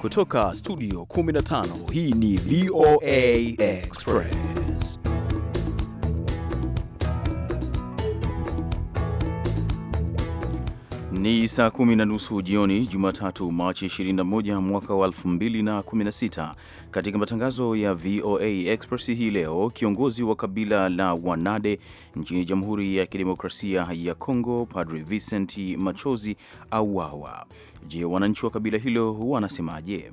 Kutoka studio 15 hii ni VOA Express. Ni saa kumi na nusu jioni Jumatatu, Machi 21 mwaka wa 2016. Katika matangazo ya VOA Express hii leo, kiongozi wa kabila la Wanade nchini Jamhuri ya Kidemokrasia ya Kongo, Padri Vincent Machozi auawa. Je, wananchi wa kabila hilo wanasemaje?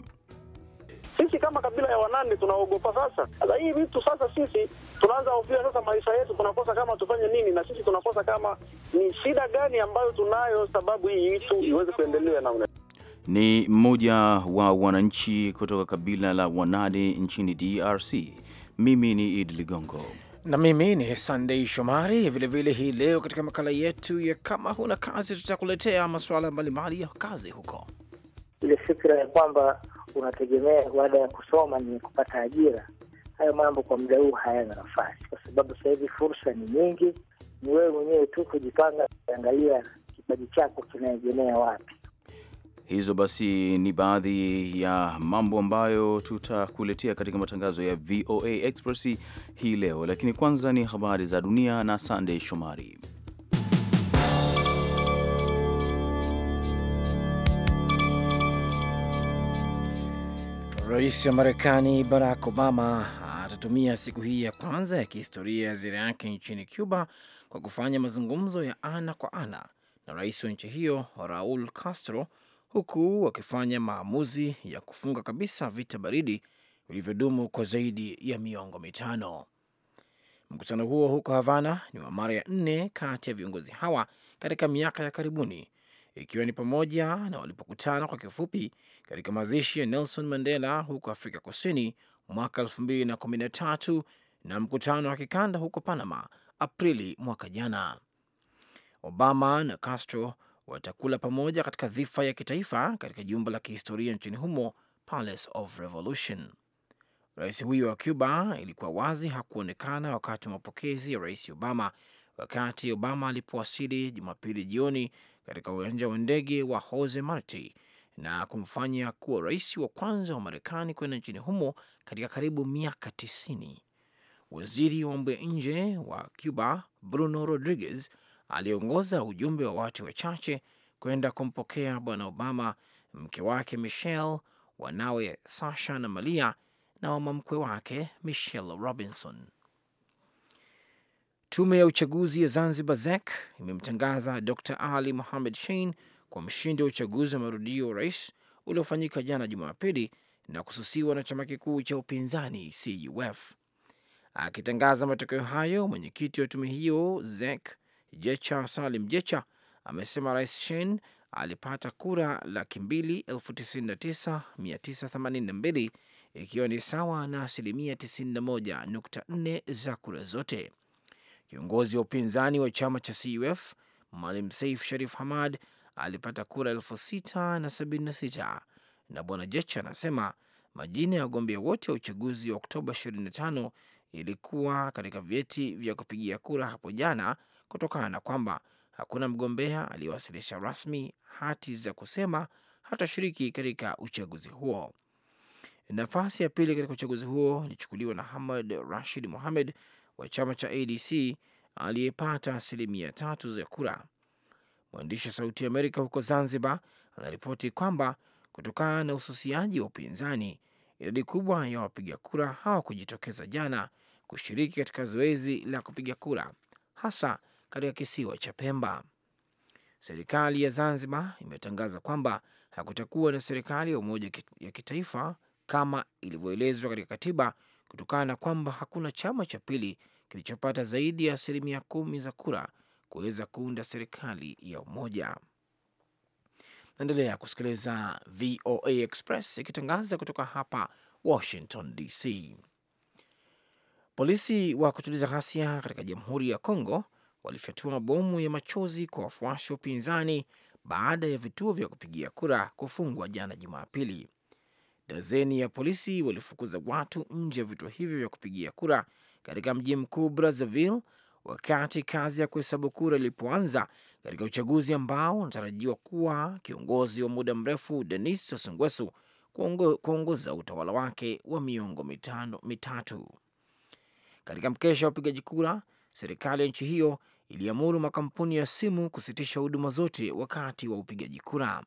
Sisi kama kabila ya Wanande tunaogopa sasa. Sasa hii vitu sasa, sisi tunaanza hofia sasa maisha yetu, tunakosa kama tufanye nini, na sisi tunakosa kama ni shida gani ambayo tunayo, sababu hii vitu iweze kuendelea namna ni mmoja wa wananchi kutoka kabila la Wanade nchini DRC. Mimi ni Idi Ligongo na mimi ni Sandei Shomari. Vilevile hii leo katika makala yetu ya kama huna kazi, tutakuletea masuala mbalimbali ya kazi huko, ile fikira ya kwamba unategemea baada ya kusoma ni kupata ajira. Hayo mambo kwa muda huu hayana nafasi, kwa sababu sasa hivi fursa ni nyingi. Ni wewe mwenyewe tu kujipanga, kuangalia kipaji chako kinaegemea wapi. Hizo basi ni baadhi ya mambo ambayo tutakuletea katika matangazo ya VOA Express hii leo, lakini kwanza ni habari za dunia na Sandey Shomari. Rais wa Marekani Barack Obama atatumia siku hii ya kwanza ya kihistoria ya ziara yake nchini Cuba kwa kufanya mazungumzo ya ana kwa ana na rais wa nchi hiyo Raul Castro huku wakifanya maamuzi ya kufunga kabisa vita baridi vilivyodumu kwa zaidi ya miongo mitano. Mkutano huo huko Havana ni wa mara ya nne kati ya viongozi hawa katika miaka ya karibuni, ikiwa ni pamoja na walipokutana kwa kifupi katika mazishi ya Nelson Mandela huko Afrika Kusini mwaka 2013 na mkutano wa kikanda huko Panama Aprili mwaka jana. Obama na Castro watakula pamoja katika dhifa ya kitaifa katika jumba la kihistoria nchini humo, Palace of Revolution. Rais huyo wa Cuba ilikuwa wazi hakuonekana wakati wa mapokezi ya Rais Obama wakati Obama alipowasili Jumapili jioni katika uwanja wa ndege wa Jose Marti na kumfanya kuwa rais wa kwanza wa Marekani kwenda nchini humo katika karibu miaka tisini. Waziri wa mambo ya nje wa Cuba Bruno Rodriguez aliongoza ujumbe wa watu wachache kwenda kumpokea bwana Obama, mke wake Michelle, wanawe Sasha na Malia na wamamkwe wake Michelle Robinson. Tume ya uchaguzi ya Zanzibar ZEC imemtangaza Dr Ali Mohamed Shein kwa mshindi wa uchaguzi wa marudio wa rais uliofanyika jana Jumapili na kususiwa na chama kikuu cha upinzani CUF. Akitangaza matokeo hayo, mwenyekiti wa tume hiyo ZEC Jecha Salim Jecha amesema Rais Shein alipata kura laki mbili elfu tisini na tisa mia tisa themanini na mbili ikiwa ni sawa na asilimia 91.4 za kura zote. Kiongozi wa upinzani wa chama cha CUF Mwalimu Saif Sharif Hamad alipata kura elfu sita na sabini na sita na Bwana Jecha anasema majina ya wagombea wote wa uchaguzi wa Oktoba 25 ilikuwa katika vyeti vya kupigia kura hapo jana kutokana na kwamba hakuna mgombea aliyewasilisha rasmi hati za kusema hatashiriki katika uchaguzi huo. Nafasi ya pili katika uchaguzi huo ilichukuliwa na Hamad Rashid Mohamed wa chama cha ADC aliyepata asilimia tatu za kura. Mwandishi wa Sauti ya Amerika huko Zanzibar anaripoti kwamba kutokana na ususiaji wa upinzani, idadi kubwa ya wapiga kura hawakujitokeza jana kushiriki katika zoezi la kupiga kura, hasa katika kisiwa cha Pemba. Serikali ya Zanzibar imetangaza kwamba hakutakuwa na serikali ya umoja ya kitaifa kama ilivyoelezwa katika katiba kutokana na kwamba hakuna chama cha pili kilichopata zaidi ya asilimia kumi za kura kuweza kuunda serikali ya umoja. Naendelea kusikiliza VOA Express ikitangaza kutoka hapa Washington DC. Polisi wa kutuliza ghasia katika Jamhuri ya Kongo walifyatua mabomu ya machozi kwa wafuasi wa upinzani baada ya vituo vya kupigia kura kufungwa jana Jumapili. Dazeni ya polisi walifukuza watu nje ya vituo hivyo vya kupigia kura katika mji mkuu Brazzaville wakati kazi ya kuhesabu kura ilipoanza katika uchaguzi ambao unatarajiwa kuwa kiongozi wa muda mrefu Denis Sassou Nguesso kuongoza utawala wake wa miongo mitano, mitatu. Katika mkesha wa upigaji kura, serikali ya nchi hiyo iliamuru makampuni ya simu kusitisha huduma zote wakati wa upigaji kura.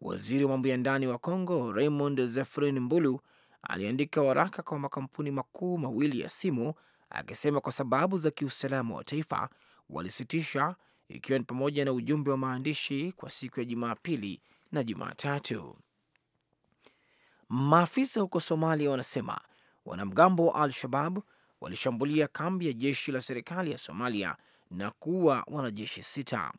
Waziri wa mambo ya ndani wa congo Raymond Zefrin Mbulu aliandika waraka kwa makampuni makuu mawili ya simu akisema kwa sababu za kiusalama wa taifa walisitisha, ikiwa ni pamoja na ujumbe wa maandishi kwa siku ya Jumapili na Jumatatu. Maafisa huko Somalia wanasema wanamgambo wa Al-Shabab walishambulia kambi ya jeshi la serikali ya Somalia na kuua wanajeshi sita.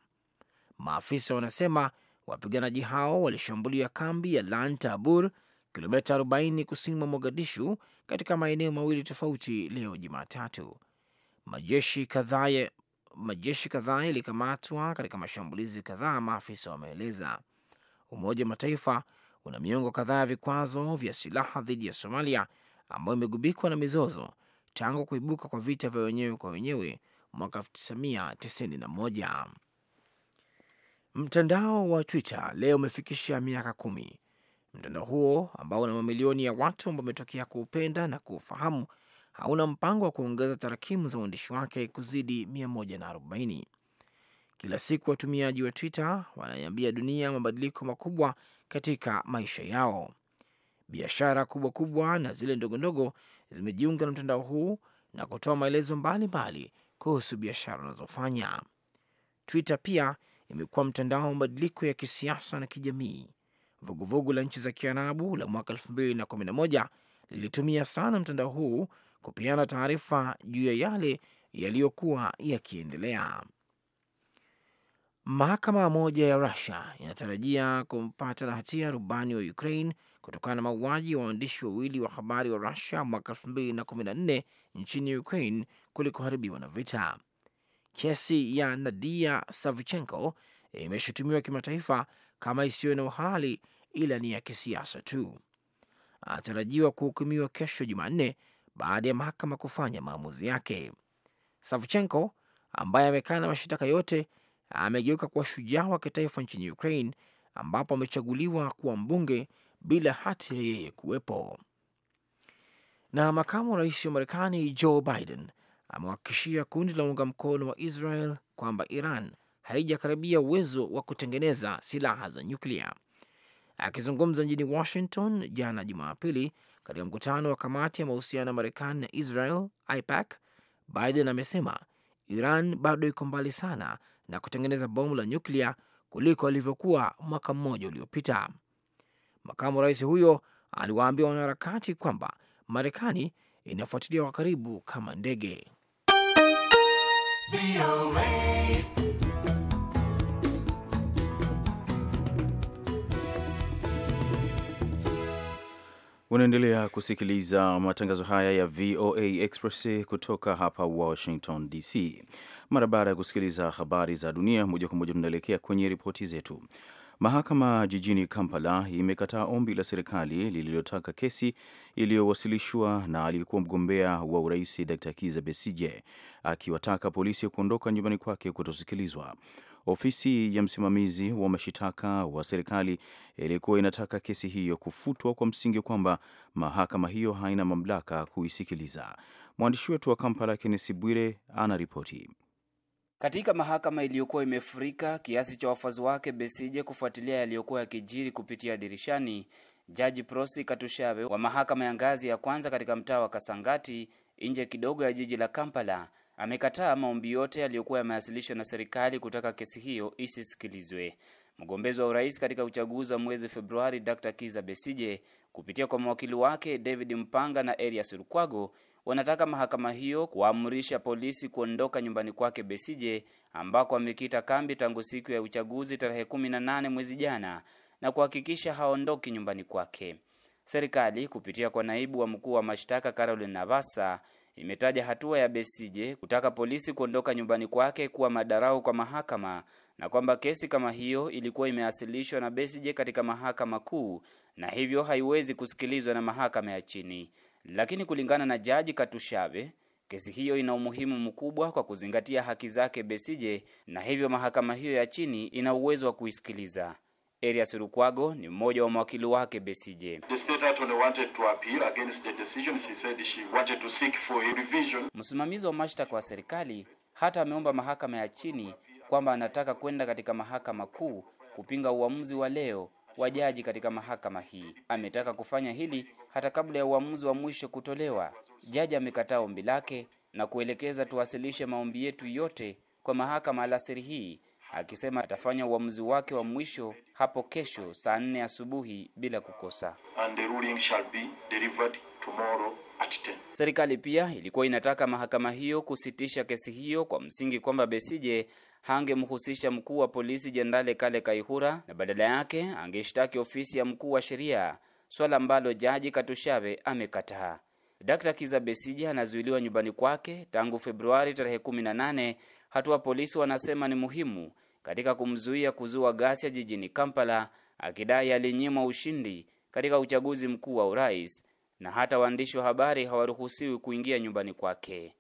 Maafisa wanasema wapiganaji hao walishambulia kambi ya Lan Tabur, kilomita 40 kusini mwa Mogadishu, katika maeneo mawili tofauti leo Jumatatu. Majeshi kadhaa majeshi kadhaa yalikamatwa katika mashambulizi kadhaa, maafisa wameeleza. Umoja wa Mataifa una miongo kadhaa ya vikwazo vya silaha dhidi ya Somalia ambayo imegubikwa na mizozo tangu kuibuka kwa vita vya wenyewe kwa wenyewe mwaka 1991. Mtandao wa Twitter leo umefikisha miaka kumi. Mtandao huo ambao una mamilioni ya watu ambao ametokea kuupenda na kuufahamu hauna mpango wa kuongeza tarakimu za uandishi wake kuzidi 140. Kila siku watumiaji wa Twitter wanaiambia dunia mabadiliko makubwa katika maisha yao. Biashara kubwa kubwa na zile ndogondogo zimejiunga na mtandao huu na kutoa maelezo mbalimbali kuhusu biashara unazofanya. Twitter pia imekuwa mtandao wa mabadiliko ya kisiasa na kijamii. Vuguvugu la nchi za Kiarabu la mwaka 2011 lilitumia sana mtandao huu kupeana taarifa juu ya yale yaliyokuwa yakiendelea. Mahakama moja ya Rusia inatarajia kumpata na hatia rubani wa Ukraine kutokana na mauaji wa waandishi wawili wa habari wa Rusia mwaka 2014 nchini Ukraine kulikoharibiwa na vita. Kesi ya Nadia Savichenko imeshutumiwa kimataifa kama isiyo na uhalali, ila ni ya kisiasa tu. Anatarajiwa kuhukumiwa kesho Jumanne baada ya mahakama kufanya maamuzi yake. Savchenko ambaye amekaa na mashitaka yote amegeuka kuwa shujaa wa kitaifa nchini Ukraine, ambapo amechaguliwa kuwa mbunge bila hati ya yeye kuwepo. Na makamu wa rais wa Marekani Joe Biden amewahakikishia kundi la unga mkono wa Israel kwamba Iran haijakaribia uwezo wa kutengeneza silaha za nyuklia. Akizungumza mjini Washington jana Jumapili katika mkutano wa kamati ya mahusiano ya Marekani na Israel IPAC, Biden amesema Iran bado iko mbali sana na kutengeneza bomu la nyuklia kuliko alivyokuwa mwaka mmoja uliopita. Makamu rais huyo aliwaambia wanaharakati kwamba Marekani inafuatilia kwa karibu kama ndege. Unaendelea kusikiliza matangazo haya ya VOA Express kutoka hapa Washington DC. Mara baada ya kusikiliza habari za dunia moja kwa moja, tunaelekea kwenye ripoti zetu. Mahakama jijini Kampala imekataa ombi la serikali lililotaka kesi iliyowasilishwa na aliyekuwa mgombea wa urais Dr. Kiza Besije akiwataka polisi kuondoka nyumbani kwake kutosikilizwa. Ofisi ya msimamizi wa mashitaka wa serikali ilikuwa inataka kesi hiyo kufutwa kwa msingi kwamba mahakama hiyo haina mamlaka kuisikiliza. Mwandishi wetu wa Kampala, Kennesi Bwire, ana ripoti katika mahakama iliyokuwa imefurika kiasi cha wafuasi wake Besije kufuatilia yaliyokuwa yakijiri kupitia dirishani. Jaji Prosi Katushabe wa mahakama ya ngazi ya kwanza katika mtaa wa Kasangati nje kidogo ya jiji la Kampala amekataa maombi yote yaliyokuwa yamewasilishwa na serikali kutaka kesi hiyo isisikilizwe. Mgombezi wa urais katika uchaguzi wa mwezi Februari, Dr Kiza Besije kupitia kwa mawakili wake David Mpanga na Erias Lukwago wanataka mahakama hiyo kuamrisha polisi kuondoka nyumbani kwake Besije ambako amekita kambi tangu siku ya uchaguzi tarehe 18 mwezi jana na kuhakikisha haondoki nyumbani kwake. Serikali kupitia kwa naibu wa mkuu wa mashtaka Caroline Navasa imetaja hatua ya Besije kutaka polisi kuondoka nyumbani kwake kuwa madarau kwa mahakama na kwamba kesi kama hiyo ilikuwa imewasilishwa na Besije katika mahakama kuu na hivyo haiwezi kusikilizwa na mahakama ya chini. Lakini kulingana na Jaji Katushave, kesi hiyo ina umuhimu mkubwa kwa kuzingatia haki zake Besije, na hivyo mahakama hiyo ya chini ina uwezo wa kuisikiliza. Elias rukwago ni mmoja wa mawakili wake Besije. Msimamizi wa mashtaka wa serikali hata ameomba mahakama ya chini kwamba anataka kwenda katika mahakama kuu kupinga uamuzi wa leo wa jaji katika mahakama hii. Ametaka kufanya hili hata kabla ya uamuzi wa mwisho kutolewa. Jaji amekataa ombi lake na kuelekeza tuwasilishe maombi yetu yote kwa mahakama alasiri hii, akisema atafanya uamuzi wake wa mwisho hapo kesho saa nne asubuhi bila kukosa. And the ruling shall be delivered tomorrow. Serikali pia ilikuwa inataka mahakama hiyo kusitisha kesi hiyo kwa msingi kwamba Besije hangemhusisha mkuu wa polisi Jenerali Kale Kaihura na badala yake angeshtaki ofisi ya mkuu wa sheria, swala ambalo jaji Katushabe amekataa. Dr Kiza Besija anazuiliwa nyumbani kwake tangu Februari tarehe 18, hatua polisi wanasema ni muhimu katika kumzuia kuzua ghasia jijini Kampala, akidai alinyimwa ushindi katika uchaguzi mkuu wa urais na hata waandishi wa habari hawaruhusiwi kuingia nyumbani kwake.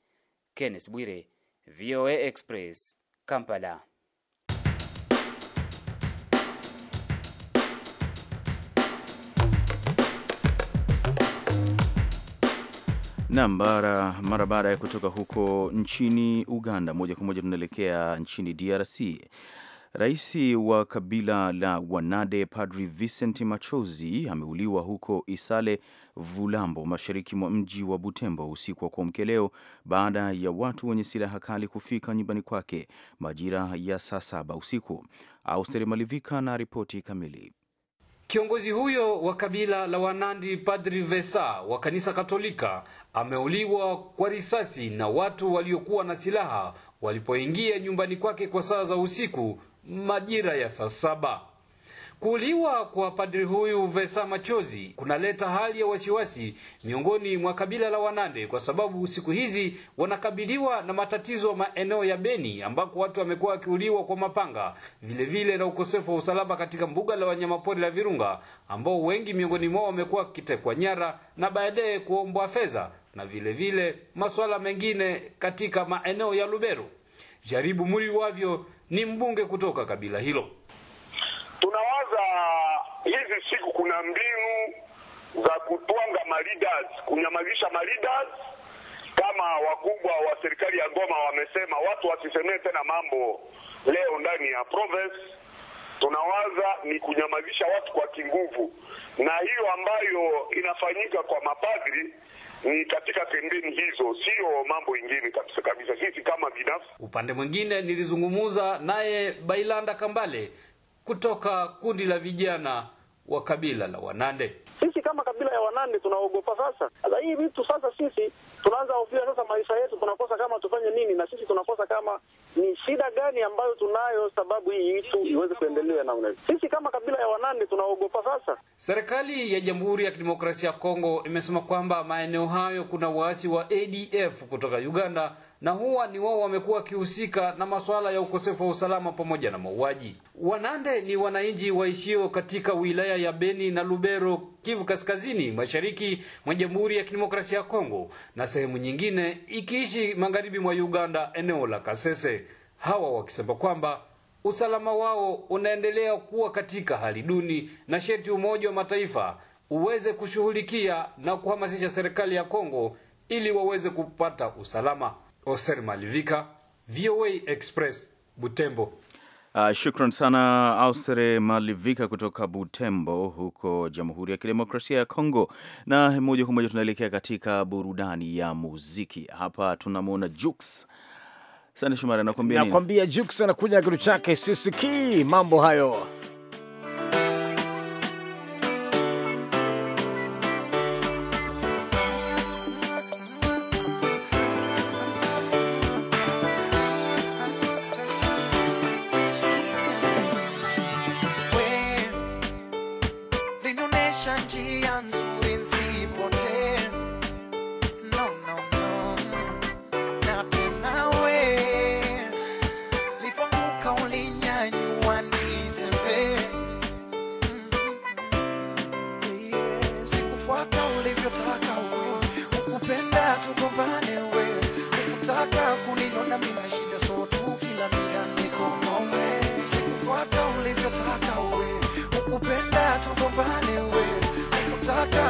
Kenneth Bwire, VOA Express, Kampala. Nam, mara baada ya kutoka huko nchini Uganda, moja kwa moja tunaelekea nchini DRC Rais wa kabila la Wanade Padri Vincent Machozi ameuliwa huko Isale Vulambo, mashariki mwa mji wa Butembo usiku wa kuamkia leo baada ya watu wenye silaha kali kufika nyumbani kwake majira ya saa saba usiku. Austeri Malivika na ripoti kamili. Kiongozi huyo wa kabila la Wanandi Padri Vesa wa kanisa Katolika ameuliwa kwa risasi na watu waliokuwa na silaha walipoingia nyumbani kwake kwa saa za usiku majira ya saa saba. Kuuliwa kwa padri huyu Vesa Machozi kunaleta hali ya wasiwasi miongoni mwa kabila la Wanande kwa sababu siku hizi wanakabiliwa na matatizo maeneo ya Beni ambako watu wamekuwa wakiuliwa kwa mapanga, vilevile vile na ukosefu wa usalama katika mbuga la wanyamapori la Virunga, ambao wengi miongoni mwao wamekuwa wakitekwa nyara na baadaye kuombwa fedha na vilevile vile masuala mengine katika maeneo ya Lubero. Jaribu muli wavyo ni mbunge kutoka kabila hilo. Tunawaza hizi siku kuna mbinu za kutwanga maridas, kunyamazisha maridas kama wakubwa wa serikali ya Goma wamesema watu wasisemee tena mambo leo ndani ya province tunawaza ni kunyamazisha watu kwa kinguvu, na hiyo ambayo inafanyika kwa mapadri ni katika pembeni hizo, sio mambo ingine kabisa kabisa, sisi kama binafsi. Upande mwingine, nilizungumza naye Bailanda Kambale kutoka kundi la vijana wa kabila la Wanande. Sisi kama kabila ya Wanande tunaogopa sasa. Sasa hii vitu sasa sisi tunaanza hofia sasa maisha yetu, tunakosa kama tufanye nini, na sisi tunakosa kama ni shida gani ambayo tunayo sababu hii itu iweze kuendelewa namna hii. Sisi kama kabila ya Wanande tunaogopa sasa. Serikali ya Jamhuri ya Kidemokrasia ya Kongo imesema kwamba maeneo hayo kuna waasi wa ADF kutoka Uganda na huwa ni wao wamekuwa wakihusika na masuala ya ukosefu wa usalama pamoja na mauaji. Wanande ni wananchi waishio katika wilaya ya Beni na Lubero, Kivu Kaskazini, mashariki mwa Jamhuri ya Kidemokrasia ya Kongo na sehemu nyingine, ikiishi magharibi mwa Uganda, eneo la Kasese, hawa wakisema kwamba usalama wao unaendelea kuwa katika hali duni na sheti Umoja wa Mataifa uweze kushughulikia na kuhamasisha serikali ya Kongo ili waweze kupata usalama. Oser Malivika, VOA Express, Butembo. Uh, shukran sana Austere Malivika kutoka Butembo huko Jamhuri ya Kidemokrasia ya Kongo. Na moja kwa moja tunaelekea katika burudani ya muziki. Hapa tunamwona Jux. Sande Shumari, nakwambia nini? Nakwambia Jux anakuja na kitu chake sisikii mambo hayo. pale wewe ukataka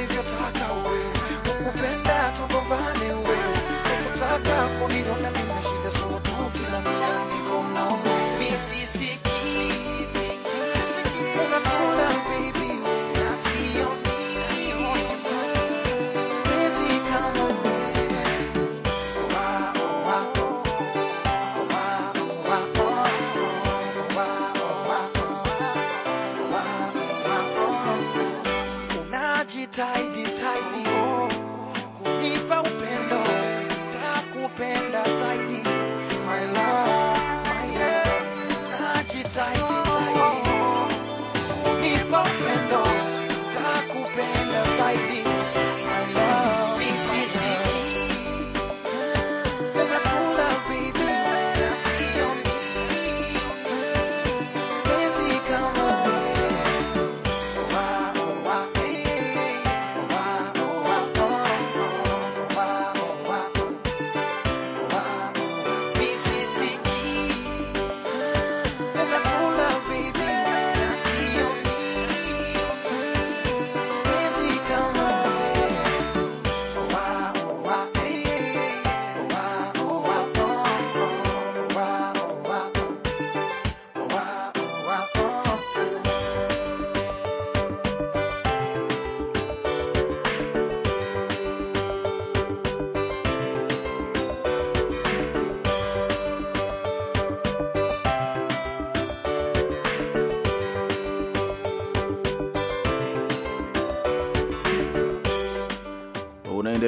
leave your talk away.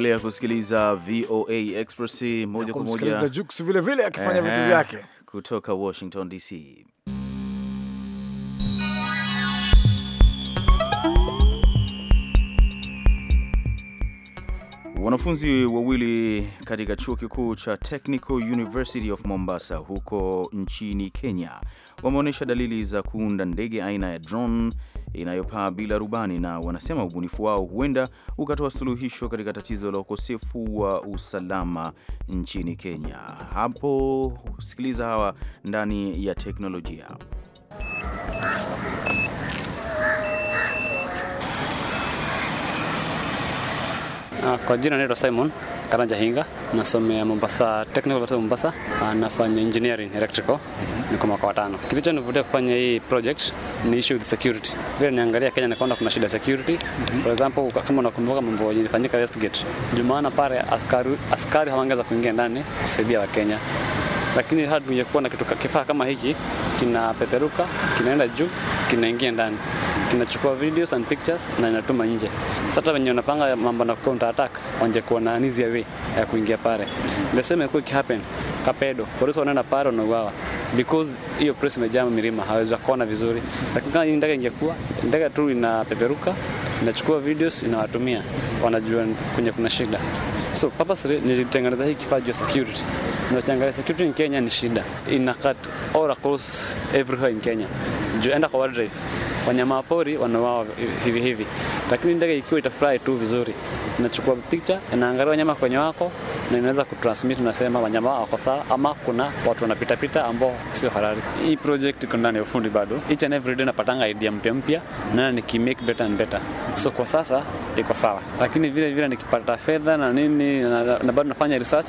unaendelea kusikiliza VOA Express moja kwa moja, Jux vile vile akifanya vitu vyake kutoka Washington DC. Wanafunzi wawili katika chuo kikuu cha Technical University of Mombasa huko nchini Kenya wameonyesha dalili za kuunda ndege aina ya drone inayopaa bila rubani, na wanasema ubunifu wao huenda ukatoa suluhisho katika tatizo la ukosefu wa usalama nchini Kenya. Hapo sikiliza hawa ndani ya teknolojia. Ah, kwa jina naitwa Simon. Karanja Hinga, nasomea Mombasa Technical University Mombasa, ah, nafanya engineering electrical, niko mwaka wa tano. Kilichonivutia kufanya hii project ni issue with security. Vile niangalia Kenya nikaona kuna shida security. Mm -hmm. For example, kama unakumbuka mambo yalifanyika Westgate, jumaana pale askari, askari hawangeza kuingia ndani kusaidia wa Kenya lakini hadi kuja na kitu kifaa kama hiki kinapeperuka, kinaenda juu, kinaingia ndani inachukua videos and pictures na inatuma nje. Sasa wenye wanapanga mambo na counter attack wanje kuona na ya way ya kuingia pale. The same quick happen Kapedo. Polisi wanaenda pale na wanauawa because hiyo press imejaa milima, hawezi kuona vizuri. Lakini kama ndege ingekuwa ndege tu inapeperuka, inachukua videos inawatumia, wanajua kwenye kuna shida. So purposely nilitengeneza hii kifaa cha security. Unachoangalia security in Kenya ni shida. Ina cut all across everywhere in Kenya. Juu enda kwa drive wanyama pori wanawao hivi hivi, lakini ndege ikiwa itafurahi tu vizuri, inachukua picha, inaangalia wanyama kwenye wako na inaweza kutransmit, tunasema wanyama wako sawa, ama kuna watu wanapitapita ambao sio halali. Hii project iko ndani ya ufundi bado, each and every day napatanga idea mpya mpya na make better and better, so kwa sasa iko sawa, lakini vile vile nikipata fedha na nini na, na bado nafanya research,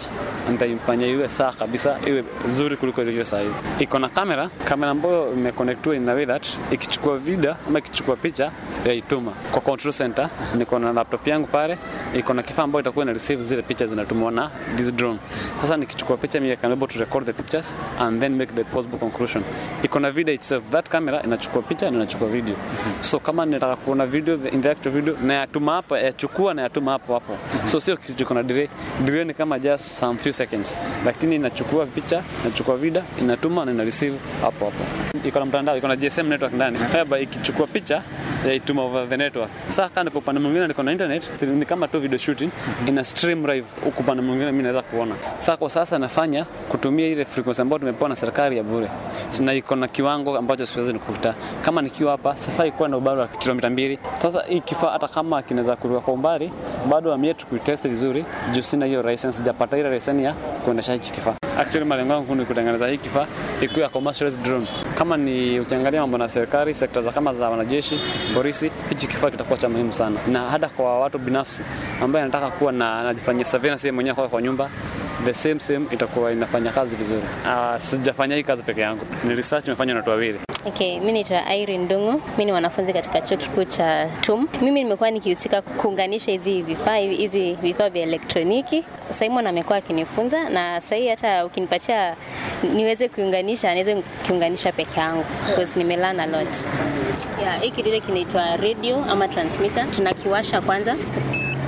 nitaifanya iwe sawa kabisa, iwe nzuri kuliko ilivyo sasa hivi. Iko na kamera, kamera ambayo imeconnectiwa in a way that ikichukua video ama ikichukua picha yaituma kwa control center. Niko na laptop yangu pale iko na kifaa ambacho itakuwa ina receive zile pictures zinatumwa na this drone. Sasa nikichukua picha mimi kama can able to record the pictures and then make the possible conclusion. Iko na video itself, that camera inachukua picha na inachukua video. So kama nitaka kuona video, the interactive video na yatuma hapa, yachukua na yatuma hapo hapo. So sio kitu kiko na delay. Delay ni kama just some few seconds, lakini inachukua picha, inachukua video, inatuma na ina receive hapo hapo. Iko na mtandao, iko na GSM network ndani. Hapa ikichukua picha yaituma over the network. Sasa kana kwa pande mwingine niko na internet, ni kama tu video shooting mm -hmm. ina stream live huko pande mwingine, mimi naweza kuona. Sasa kwa sasa nafanya kutumia ile frequency ambayo tumepewa na serikali ya bure, na iko na kiwango ambacho siwezi nikuvuta. Kama nikiwa hapa sifai kuwa na ubali wa kilomita mbili. Sasa hii kifaa hata kama kinaweza kuruka kwa umbali, bado amietu kuitest vizuri juu sina hiyo license, japata ile license ya kuendesha hiki kifaa. Actually malengo yangu ni kutengeneza hiki kifaa ikuwe commercial drone. Kama ni ukiangalia mambo na serikali, sekta za kama za wanajeshi, polisi, hichi kifaa kitakuwa cha muhimu sana, na hata kwa watu binafsi ambaye anataka kuwa na anajifanyia surveillance mwenyewe kwa, kwa nyumba the same same itakuwa inafanya kazi vizuri. Uh, sijafanya hii kazi peke yangu, ni research imefanywa na watu wawili. Okay, mimi naitwa Irene Ndungu. Mimi ni mwanafunzi katika chuo kikuu cha TUM. Mimi nimekuwa nikihusika kuunganisha hizi vifaa hizi vifaa vya elektroniki. Simon amekuwa akinifunza na sasa hii hata ukinipatia niweze kuunganisha, niweze kuunganisha peke yangu because nimelearn a lot. Yeah, hiki kile kinaitwa radio ama transmitter. Tunakiwasha kwanza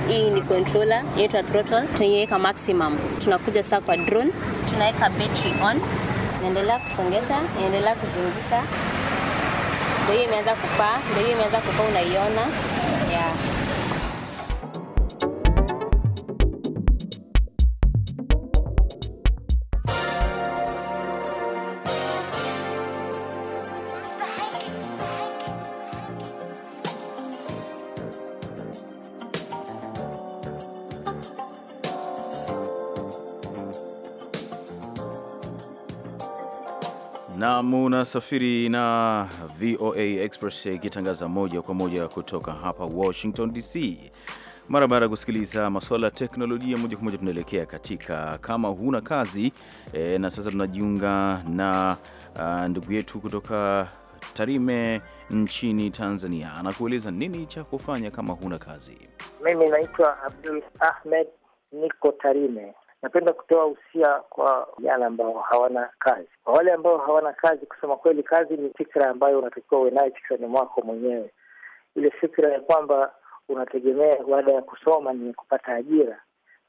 hii ni controller inaitwa throttle, tunaiweka maximum. Tunakuja sasa kwa drone, tunaweka battery on naendelea kusongesha, naendelea kuzunguka, ndio hiyo imeanza kupaa, ndio hiyo imeanza kupaa, unaiona. unasafiri na VOA Express ikitangaza moja kwa moja kutoka hapa Washington DC. Mara baada ya kusikiliza masuala ya teknolojia moja kwa moja, tunaelekea katika kama huna kazi e, na sasa tunajiunga na ndugu yetu kutoka Tarime nchini Tanzania, anakueleza nini cha kufanya kama huna kazi. Mimi naitwa Abdul Ahmed, niko Tarime napenda kutoa usia kwa vijana ambao hawana kazi. Kwa wale ambao hawana kazi, kusema kweli, kazi ni fikra ambayo unatakiwa uwe nayo kichwani mwako mwenyewe, ile fikra ya kwamba unategemea baada ya kusoma ni kupata ajira.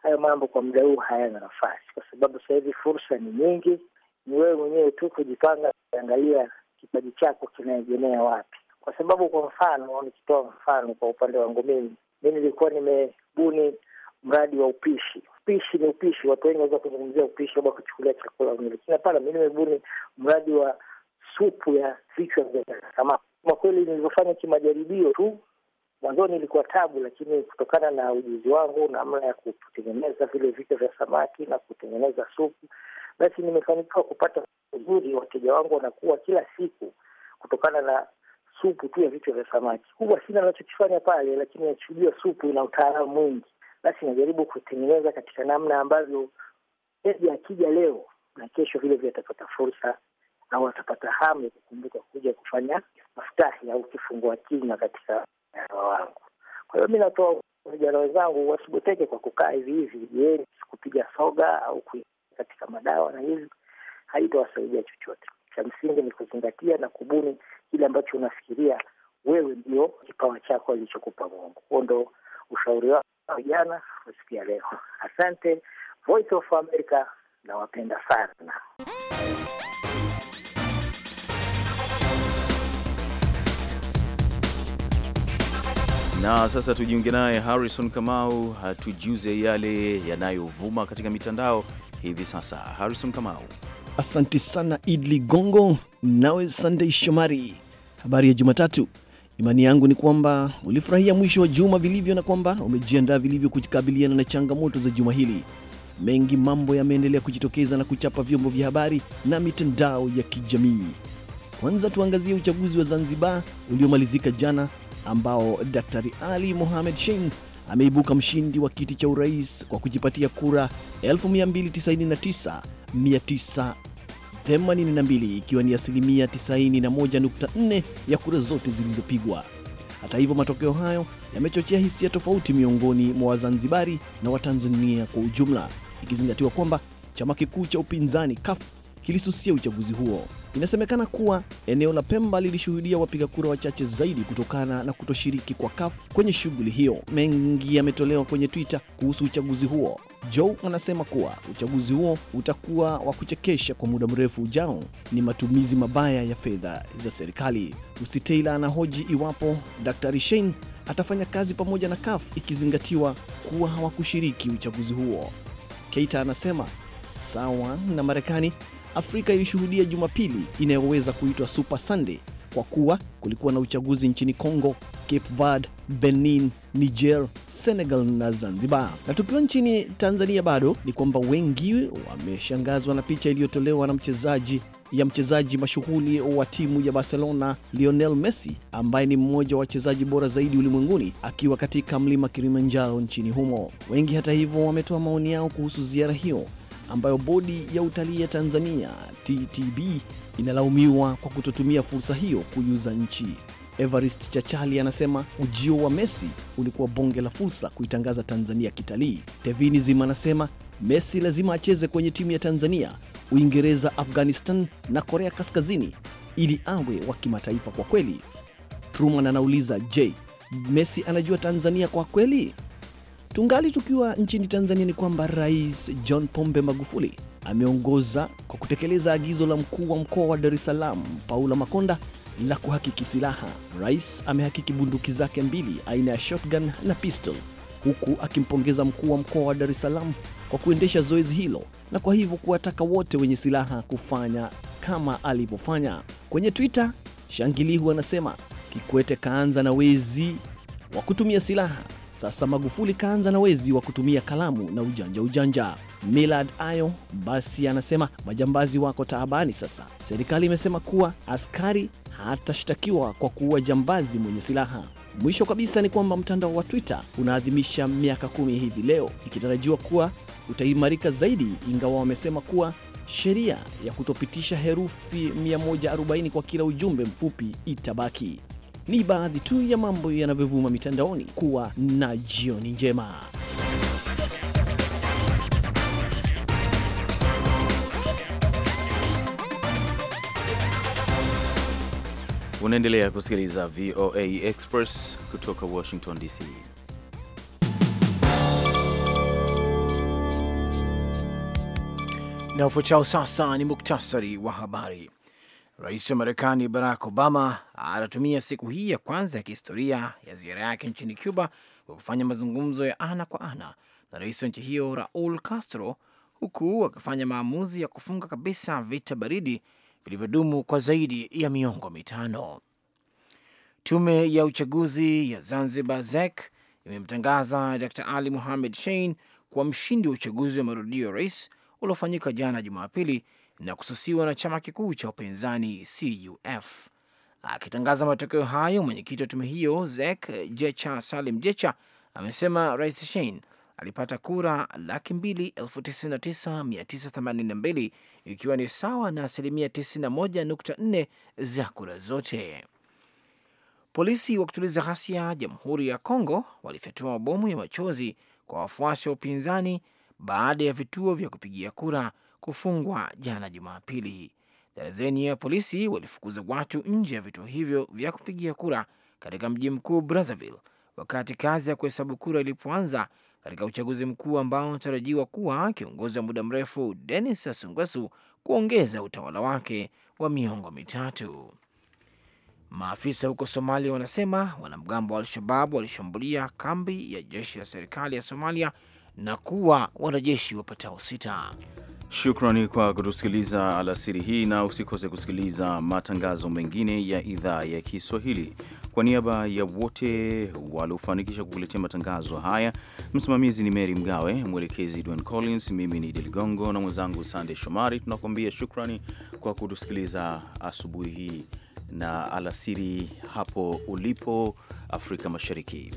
Hayo mambo kwa muda huu hayana nafasi, kwa sababu sasa hivi fursa ni nyingi. Ni wewe mwenyewe tu kujipanga, kuangalia kipaji chako kinaegemea wapi, kwa sababu kwa mfano, nikitoa mfano kwa upande wangu mimi, mi nilikuwa nimebuni mradi wa upishi. Upishi ni upishi, watu wengi waweza kuzungumzia upishi labda kuchukulia chakula lakini hapana, mi nimebuni mradi wa supu ya vichwa vya samaki. Kwa kweli nilivyofanya kimajaribio tu, mwanzoni ilikuwa tabu, lakini kutokana na ujuzi wangu namna ya kutengeneza vile vichwa vya samaki na kutengeneza supu, basi nimefanikiwa kupata uzuri, wateja wangu wanakuwa kila siku kutokana na supu tu ya vichwa vya samaki. Kubwa sina nachokifanya pale, lakini nachujua supu ina utaalamu mwingi basi najaribu kutengeneza katika namna ambavyo mteja akija leo na kesho vile vile atapata fursa au atapata hamu ya kukumbuka kuja kufanya mafutahi au kifungua kinywa katika mgahawa wangu. Kwa hiyo mi natoa vijana wenzangu wasiboteke kwa kukaa hivi hivi, je, kupiga soga au kuingia katika madawa na hivi haitawasaidia chochote. Cha msingi ni kuzingatia na kubuni kile ambacho unafikiria wewe ndio kipawa chako alichokupa Mungu. Huo ndo ushauri wako au jana kusikia leo. Asante Voice of America, nawapenda sana. Na sasa tujiunge naye Harrison Kamau atujuze yale yanayovuma katika mitandao hivi sasa. Harrison Kamau. Asante sana Idli Gongo nawe Sunday Shomari. Habari ya Jumatatu. Imani yangu ni kwamba ulifurahia mwisho wa juma vilivyo na kwamba umejiandaa vilivyo kujikabiliana na changamoto za juma hili. Mengi mambo yameendelea kujitokeza na kuchapa vyombo vya habari na mitandao ya kijamii. Kwanza tuangazie uchaguzi wa Zanzibar uliomalizika jana, ambao Daktari Ali Mohamed Shein ameibuka mshindi wa kiti cha urais kwa kujipatia kura 2999 82 ikiwa ni asilimia 91.4 ya kura zote zilizopigwa. Hata hivyo, matokeo hayo yamechochea hisia tofauti miongoni mwa Wazanzibari na Watanzania kwa ujumla, ikizingatiwa kwamba chama kikuu cha upinzani CUF kilisusia uchaguzi huo. Inasemekana kuwa eneo la Pemba lilishuhudia wapiga kura wachache zaidi kutokana na kutoshiriki kwa CUF kwenye shughuli hiyo. Mengi yametolewa kwenye Twitter kuhusu uchaguzi huo, Joe anasema kuwa uchaguzi huo utakuwa wa kuchekesha kwa muda mrefu ujao, ni matumizi mabaya ya fedha za serikali. Usi Taylor anahoji iwapo Dr. Shane atafanya kazi pamoja na CAF ikizingatiwa kuwa hawakushiriki uchaguzi huo. Keita anasema sawa na Marekani, Afrika ilishuhudia Jumapili inayoweza kuitwa Super Sunday kwa kuwa kulikuwa na uchaguzi nchini Kongo Cape Verde, Benin, Niger, Senegal na Zanzibar. Na tukiwa nchini Tanzania bado ni kwamba wengi wameshangazwa na picha iliyotolewa na mchezaji ya mchezaji mashuhuri wa timu ya Barcelona Lionel Messi ambaye ni mmoja wa wachezaji bora zaidi ulimwenguni akiwa katika mlima Kilimanjaro nchini humo. Wengi hata hivyo wametoa maoni yao kuhusu ziara hiyo ambayo bodi ya utalii ya Tanzania TTB inalaumiwa kwa kutotumia fursa hiyo kuiuza nchi. Evarist Chachali anasema ujio wa Messi ulikuwa bonge la fursa kuitangaza Tanzania kitalii. Tevini Zima anasema Messi lazima acheze kwenye timu ya Tanzania, Uingereza, Afghanistan na Korea Kaskazini ili awe wa kimataifa kwa kweli. Truman anauliza, je, Messi anajua Tanzania kwa kweli? Tungali tukiwa nchini Tanzania, ni kwamba Rais John Pombe Magufuli ameongoza kwa kutekeleza agizo la mkuu wa mkoa wa Dar es Salaam Paula Makonda la kuhakiki silaha. Rais amehakiki bunduki zake mbili aina ya shotgun na pistol, huku akimpongeza mkuu wa mkoa wa Dar es Salaam kwa kuendesha zoezi hilo na kwa hivyo kuwataka wote wenye silaha kufanya kama alivyofanya. Kwenye Twitter, Shangilihu anasema Kikwete kaanza na wezi wa kutumia silaha sasa Magufuli kaanza na wezi wa kutumia kalamu na ujanja ujanja. Milad Ayo basi anasema majambazi wako taabani sasa. Serikali imesema kuwa askari hatashtakiwa kwa kuua jambazi mwenye silaha. Mwisho kabisa ni kwamba mtandao wa Twitter unaadhimisha miaka kumi hivi leo, ikitarajiwa kuwa utaimarika zaidi, ingawa wamesema kuwa sheria ya kutopitisha herufi 140 kwa kila ujumbe mfupi itabaki. Ni baadhi tu ya mambo yanavyovuma mitandaoni. Kuwa na jioni njema. Unaendelea kusikiliza VOA Express kutoka Washington DC. Na ufuatao sasa ni muktasari wa habari. Rais wa Marekani Barack Obama anatumia siku hii ya kwanza ya kihistoria ya ziara yake nchini Cuba kwa kufanya mazungumzo ya ana kwa ana na rais wa nchi hiyo Raul Castro, huku wakifanya maamuzi ya kufunga kabisa vita baridi vilivyodumu kwa zaidi ya miongo mitano. Tume ya uchaguzi ya Zanzibar ZEC imemtangaza Dr Ali muhamed Shein kuwa mshindi wa uchaguzi wa marudio ya rais uliofanyika jana Jumapili na kususiwa na chama kikuu cha upinzani CUF. Akitangaza matokeo hayo, mwenyekiti wa tume hiyo Zek Jecha Salim Jecha amesema Rais Shein alipata kura laki mbili elfu tisini na tisa mia tisa themanini na mbili ikiwa ni sawa na asilimia tisini na moja nukta nne za kura zote. Polisi wa kutuliza ghasia Jamhuri ya Kongo walifyatua mabomu ya machozi kwa wafuasi wa upinzani baada ya vituo vya kupigia kura kufungwa jana Jumapili. Darazeni ya polisi walifukuza watu nje ya vituo hivyo vya kupigia kura katika mji mkuu Brazzaville wakati kazi ya kuhesabu kura ilipoanza katika uchaguzi mkuu ambao unatarajiwa kuwa kiongozi wa muda mrefu Denis Sassou Nguesso kuongeza utawala wake wa miongo mitatu. Maafisa huko Somalia wanasema wanamgambo wa Al-Shabab walishambulia kambi ya jeshi la serikali ya Somalia na kuwa wanajeshi wapatao sita. Shukrani kwa kutusikiliza alasiri hii, na usikose kusikiliza matangazo mengine ya idhaa ya Kiswahili. Kwa niaba ya wote waliofanikisha kukuletea matangazo haya, msimamizi ni Mary Mgawe, mwelekezi Dwan Collins, mimi ni Idi Ligongo na mwenzangu Sandey Shomari. Tunakuambia shukrani kwa kutusikiliza asubuhi hii na alasiri hapo ulipo Afrika Mashariki.